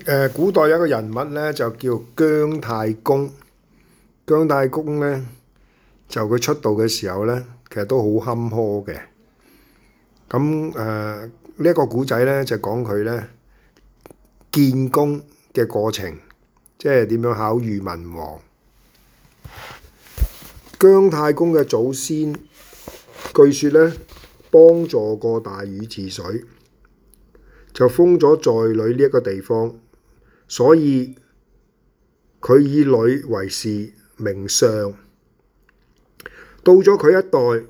誒古代有一個人物咧，就叫姜太公。姜太公咧，就佢出道嘅時候咧，其實都好坎坷嘅。咁誒、呃這個、呢一個古仔咧，就講佢咧建功嘅過程，即係點樣考遇文王。姜太公嘅祖先據說咧，幫助過大禹治水，就封咗在呂呢一個地方。所以佢以女為氏，名相。到咗佢一代，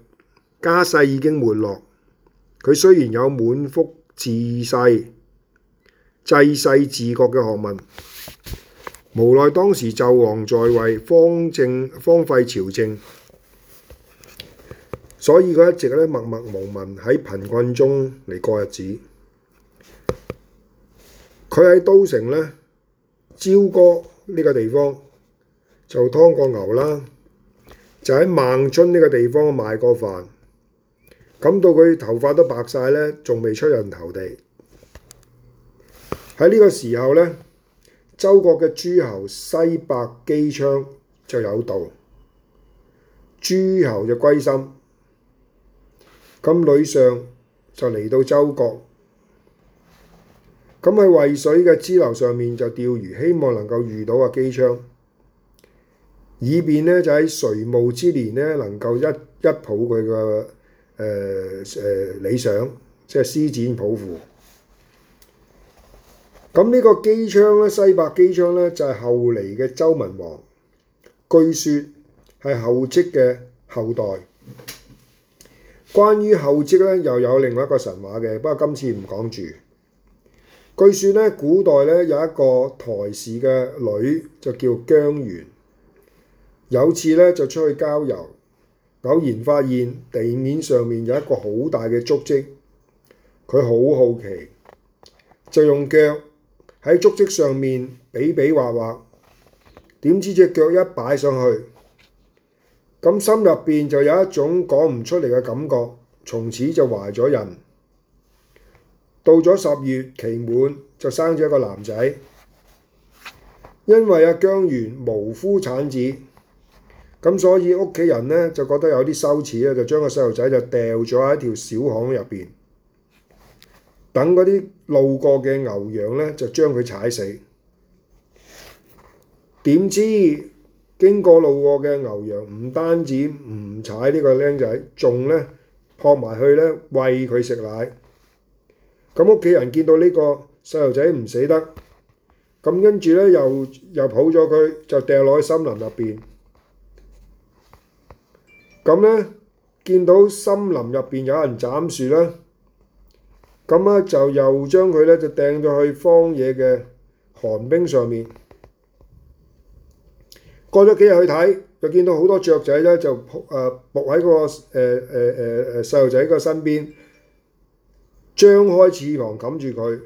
家世已經沒落。佢雖然有滿腹治世、治世治國嘅學問，無奈當時紂王在位，荒政，荒廢朝政，所以佢一直默默無聞喺貧困中嚟過日子。佢喺都城呢，朝歌呢個地方就劏過牛啦，就喺孟津呢個地方賣過飯，咁到佢頭髮都白晒咧，仲未出人頭地。喺呢個時候咧，周國嘅諸侯西伯姬昌就有道，諸侯就歸心，咁呂尚就嚟到周國。咁喺渭水嘅支流上面就釣魚，希望能夠遇到啊姬昌，以便呢就喺垂暮之年呢能夠一一抱佢嘅誒誒理想，即係施展抱負。咁呢個姬昌咧，西伯姬昌咧就係、是、後嚟嘅周文王，據說係后稷嘅後代。關於后稷咧又有另外一個神話嘅，不過今次唔講住。據說咧，古代咧有一個台氏嘅女就叫姜元，有次咧就出去郊遊，偶然發現地面上面有一個好大嘅足跡，佢好好奇，就用腳喺足跡上面比比劃劃，點知隻腳一擺上去，咁心入邊就有一種講唔出嚟嘅感覺，從此就懷咗孕。到咗十月期滿，就生咗一個男仔。因為阿姜原無夫產子，咁所以屋企人咧就覺得有啲羞恥咧，就將個細路仔就掉咗喺條小巷入邊，等嗰啲路過嘅牛羊咧就將佢踩死。點知經過路過嘅牛羊唔單止唔踩個呢個僆仔，仲咧撲埋去咧喂佢食奶。咁屋企人見到呢個細路仔唔死得，咁跟住咧又又抱咗佢，就掟落去森林入邊。咁咧見到森林入邊有人斬樹啦，咁咧就又將佢咧就掟咗去荒野嘅寒冰上面。過咗幾日去睇，就見到好多雀仔咧就誒伏喺個誒誒誒誒細路仔個身邊。張開翅膀冚住佢，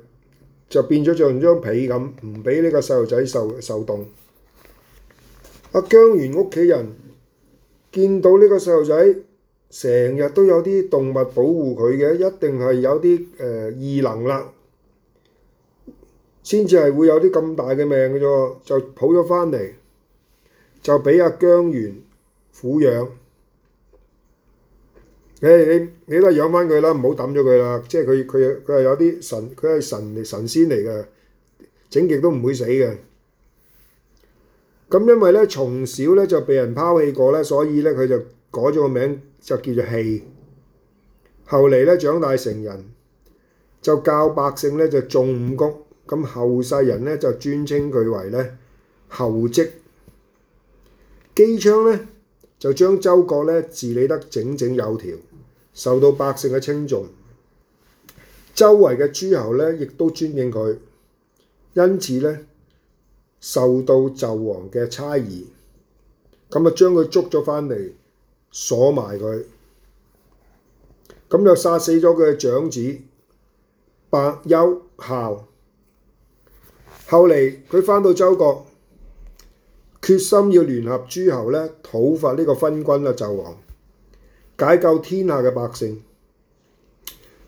就變咗像張被咁，唔俾呢個細路仔受受凍。阿姜源屋企人見到呢個細路仔，成日都有啲動物保護佢嘅，一定係有啲誒、呃、異能啦，先至係會有啲咁大嘅命嘅啫，就抱咗翻嚟，就俾阿姜源撫養。你你你都係養翻佢啦，唔好抌咗佢啦。即係佢佢佢係有啲神，佢係神神仙嚟嘅，整極都唔會死嘅。咁因為咧，從小咧就畀人拋棄過咧，所以咧佢就改咗個名，就叫做棄。後嚟咧長大成人，就教百姓咧就種五穀。咁後世人咧就尊稱佢為咧後稷。姬昌咧就將周國咧治理得井井有條。受到百姓嘅尊重，周圍嘅諸侯呢亦都尊敬佢，因此呢，受到紂王嘅猜疑，咁啊將佢捉咗返嚟鎖埋佢，咁就殺死咗佢嘅長子伯邑考。後嚟佢返到周國，決心要聯合諸侯呢討伐呢個昏君啊紂王。解救天下嘅百姓，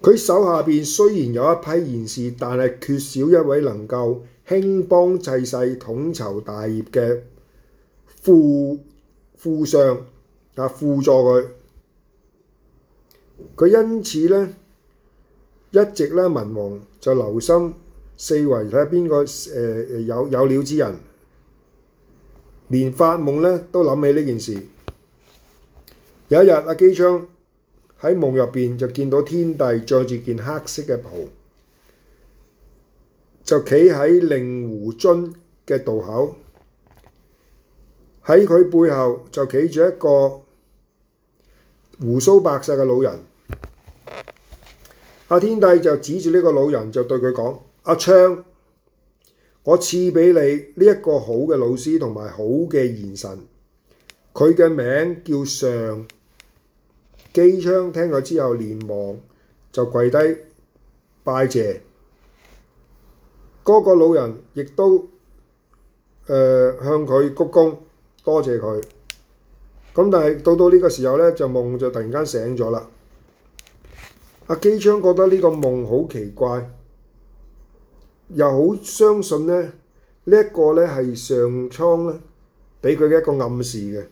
佢手下邊雖然有一批賢士，但係缺少一位能夠興邦濟世、統籌大業嘅輔輔相啊，輔助佢。佢因此咧，一直咧文王就留心四圍睇下邊個誒、呃、有有料之人，連發夢咧都諗起呢件事。有一日，阿姬昌喺夢入邊就見到天帝着住件黑色嘅袍，就企喺令狐津嘅渡口。喺佢背後就企住一個胡鬚白曬嘅老人。阿天帝就指住呢個老人就對佢講：阿昌，我賜畀你呢一個好嘅老師同埋好嘅賢臣，佢嘅名叫尚。姬昌聽咗之後，連忙就跪低拜謝，嗰、那個老人亦都誒、呃、向佢鞠躬，多謝佢。咁但係到到呢個時候咧，就夢就突然間醒咗啦。阿姬昌覺得呢個夢好奇怪，又好相信咧，呢、這、一個咧係上蒼咧俾佢嘅一個暗示嘅。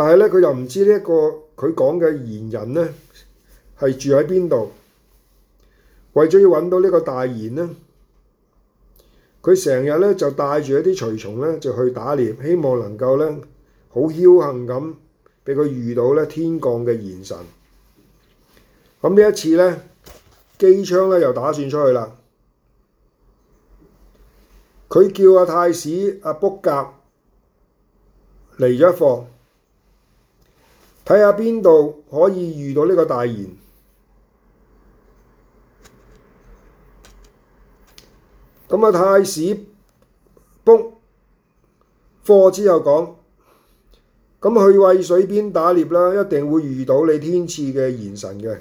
但係咧，佢又唔知呢一個佢講嘅賢人咧係住喺邊度。為咗要揾到呢個大賢咧，佢成日咧就帶住一啲隨從咧就去打獵，希望能夠咧好僥倖咁俾佢遇到咧天降嘅賢神。咁呢一次咧，姬昌咧又打算出去啦。佢叫阿太史阿卜、啊、甲嚟咗一課。睇下邊度可以遇到呢個大賢。咁啊，太史卜課之後講：咁去渭水邊打獵啦，一定會遇到你天賜嘅賢臣嘅。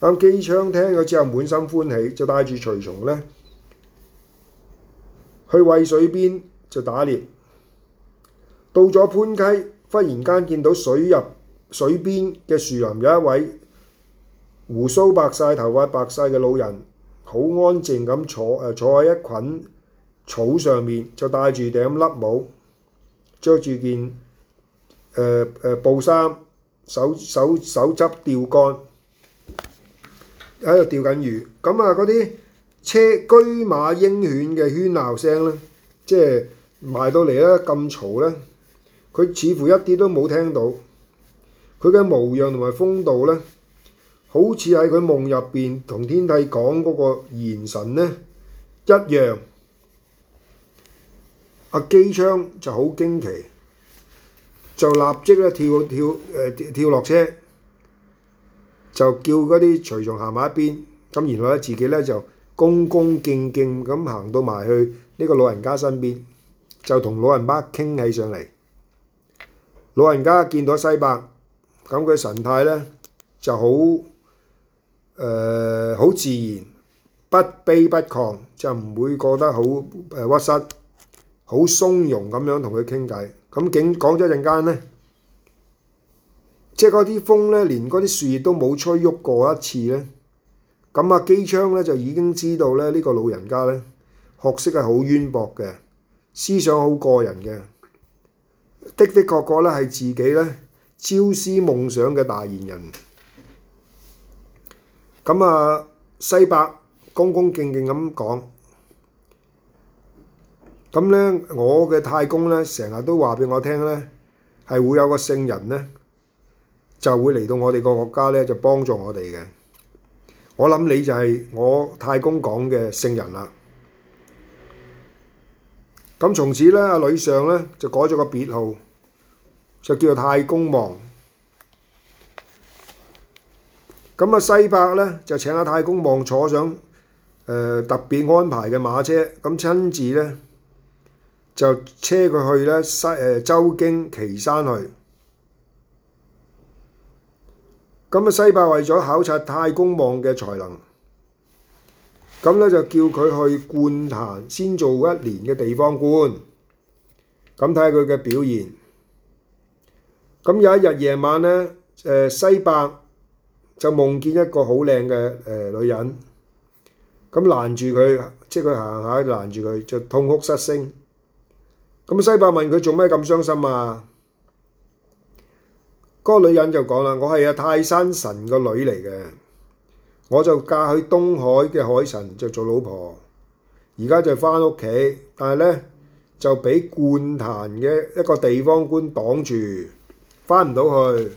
阿姬昌聽咗之後滿心歡喜，就帶住隨從呢。去渭水邊就打獵。到咗潘溪，忽然間見到水入。水邊嘅樹林有一位鬍鬚白晒，頭髮白晒嘅老人，好安靜咁坐誒、呃、坐喺一捆草上面，就戴住頂笠帽，着住件誒誒、呃呃、布衫，手手手執釣竿喺度釣緊魚。咁啊，嗰啲車居馬鷹犬嘅喧鬧聲咧，即係埋到嚟咧咁嘈咧，佢似乎一啲都冇聽到。佢嘅模樣同埋風度咧，好似喺佢夢入邊同天帝講嗰個賢臣咧一樣。阿姬昌就好驚奇，就立即咧跳跳誒、呃、跳落車，就叫嗰啲隨從行埋一邊。咁然後咧自己咧就恭恭敬敬咁行到埋去呢個老人家身邊，就同老人家傾起上嚟。老人家見到西伯。咁佢神態咧就好誒好自然，不卑不亢，就唔會覺得好誒鬱失，好從容咁樣同佢傾偈。咁講講咗一陣間咧，即係嗰啲風咧，連嗰啲樹葉都冇吹喐過一次咧。咁阿姬昌咧就已經知道咧，呢、這個老人家咧學識係好淵博嘅，思想好過人嘅，的的確確咧係自己咧朝思暮想嘅大賢人，咁啊，西伯恭恭敬敬咁講，咁呢，我嘅太公呢，成日都話俾我聽呢，係會有個聖人呢，就會嚟到我哋個國家呢，就幫助我哋嘅。我諗你就係我太公講嘅聖人啦。咁從此呢，阿呂尚呢，就改咗個別號。就叫做太公望。咁啊，西伯咧就請阿太公望坐上誒、呃、特別安排嘅馬車，咁親自咧就車佢去咧西誒周、呃、京岐山去。咁啊，西伯為咗考察太公望嘅才能，咁咧就叫佢去灌壇先做一年嘅地方官，咁睇下佢嘅表現。咁有一日夜晚咧，誒、呃、西伯就夢見一個好靚嘅誒女人，咁攔住佢，即係佢行下攔住佢，就痛哭失聲。咁、嗯、西伯問佢做咩咁傷心啊？嗰個女人就講啦：我係阿泰山神個女嚟嘅，我就嫁去東海嘅海神就做老婆，而家就翻屋企，但係咧就畀灌潭嘅一個地方官擋住。翻唔到去？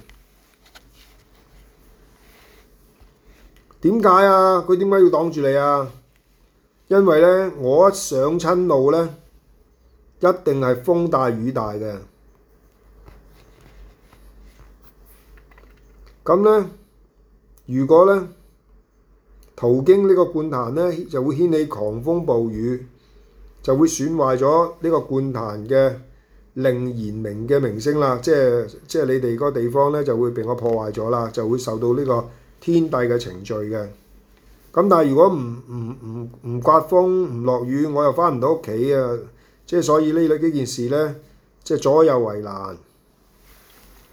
點解啊？佢點解要擋住你啊？因為咧，我一上親路咧，一定係風大雨大嘅。咁咧，如果咧途經呢個灌壇咧，就會掀起狂風暴雨，就會損壞咗呢個灌壇嘅。令賢明嘅名聲啦，即係即係你哋嗰地方咧，就會被我破壞咗啦，就會受到呢個天帝嘅程序嘅。咁但係如果唔唔唔唔刮風唔落雨，我又翻唔到屋企啊！即係所以呢幾件事咧，即係左右為難。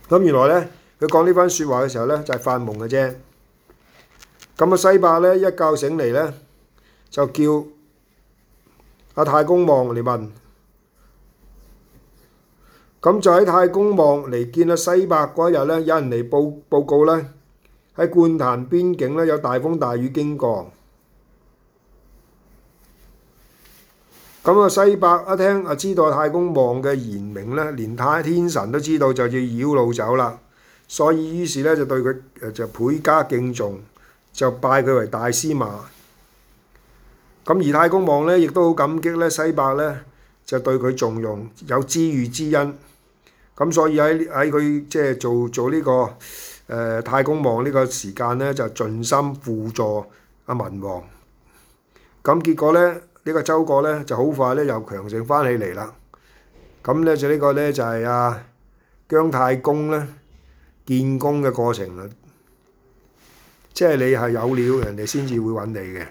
咁原來咧，佢講呢番説話嘅時候咧，就係發夢嘅啫。咁啊，西伯咧一覺醒嚟咧，就叫阿太公望嚟問。咁就喺太公望嚟見阿西伯嗰日咧，有人嚟報報告咧，喺灌壇邊境咧有大風大雨經過。咁啊，西伯一聽啊，知道太公望嘅賢明咧，連太天神都知道就要繞路走啦。所以於是咧，就對佢誒就倍加敬重，就拜佢為大司馬。咁而太公望咧亦都好感激咧西伯咧，就對佢重用，有知遇之恩。咁所以喺喺佢即係做做呢、這個誒、呃、太公望呢個時間咧，就盡心輔助阿文王。咁結果咧，這個、呢個周國咧就好快咧又強盛翻起嚟啦。咁咧就個呢個咧就係、是、阿、啊、姜太公咧建功嘅過程啦。即係你係有料，人哋先至會揾你嘅。